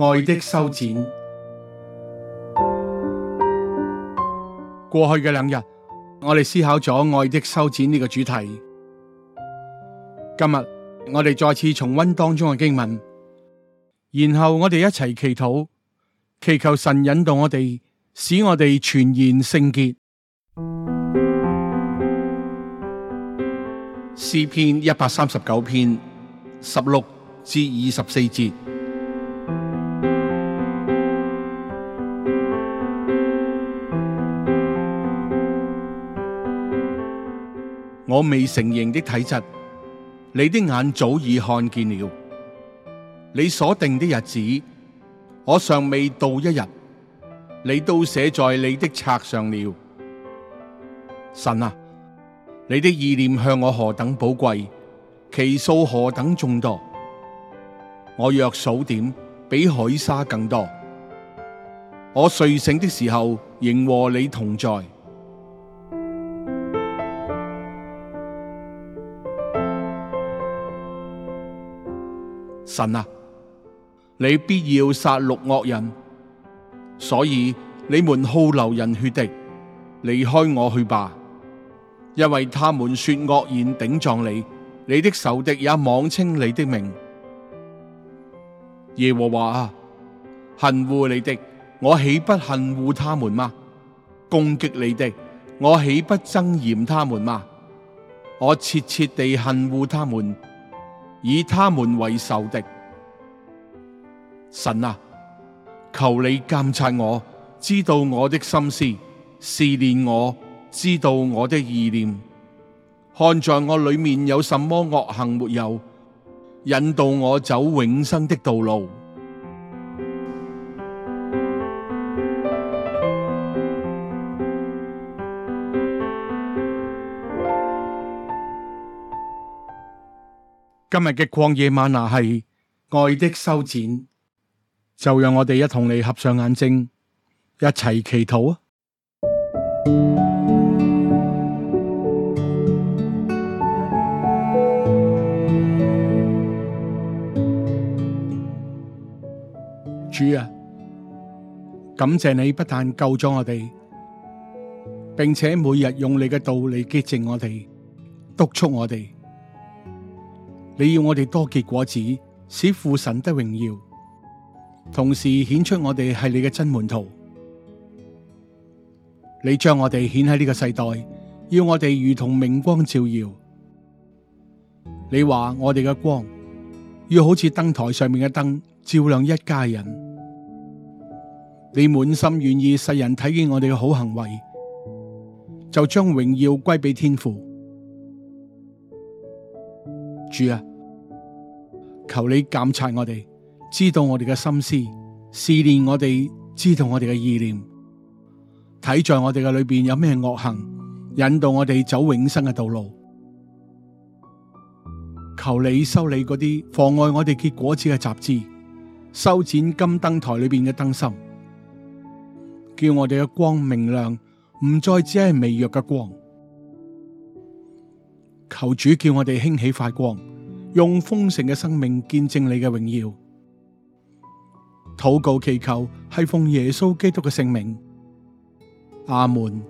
愛的修剪。過去嘅兩日，我哋思考咗愛的修剪呢個主題今天。今日我哋再次重溫當中嘅經文，然後我哋一齊祈禱，祈求神引導我哋，使我哋全然聖潔。詩篇一百三十九篇十六至二十四節。我未成形的體質，你的眼早已看見了。你所定的日子，我尚未到一日，你都寫在你的冊上了。神啊，你的意念向我何等寶貴，其數何等眾多。我若數點，比海沙更多。我睡醒的時候，仍和你同在。神啊，你必要殺戮惡人，所以你們好流人血的離開我去吧。因為他們說惡言頂撞你，你的仇敵也妄稱你的名。耶和華啊，恨惡你的，我豈不恨惡他們嗎？攻擊你的，我豈不憎嫌他們嗎？我切切地恨惡他們，以他們為仇敵，神啊，求你監察我，知道我的心思，試煉我，知道我的意念，看在我裏面有什麼惡行沒有，引導我走永生的道路。今日嘅曠野嗎哪係愛的修剪，就讓我哋一同你合上眼睛，一齊祈禱啊！主啊，感謝你不但救咗我哋，並且每日用你嘅道理潔淨我哋，督促我哋。你要我哋多結果子，使父神得榮耀，同時顯出我哋係你嘅真門徒。你將我哋顯喺呢個世代，要我哋如同明光照耀。你話我哋嘅光要好似燈台上面嘅燈，照亮一家人。你滿心願意世人睇見我哋嘅好行為，就將榮耀歸俾天父。主啊！求你鑒察我哋，知道我哋嘅心思，試煉我哋，知道我哋嘅意念，睇在我哋嘅裏邊有咩惡行，引導我哋走永生嘅道路。求你修理嗰啲妨礙我哋結果子嘅雜枝，修剪金燈台裏邊嘅燈芯，叫我哋嘅光明亮，唔再只係微弱嘅光。求主叫我哋興起發光。用豐盛嘅生命見證你嘅榮耀，禱告祈求係奉耶穌基督嘅聖名，阿門。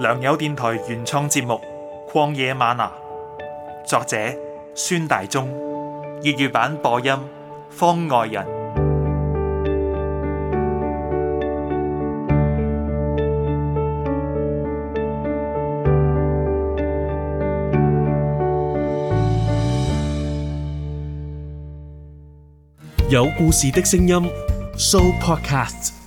良友電台原創節目《曠野嗎哪》，作者孫大中，粵語版播音方外人。有故事的聲音，Show Podcast。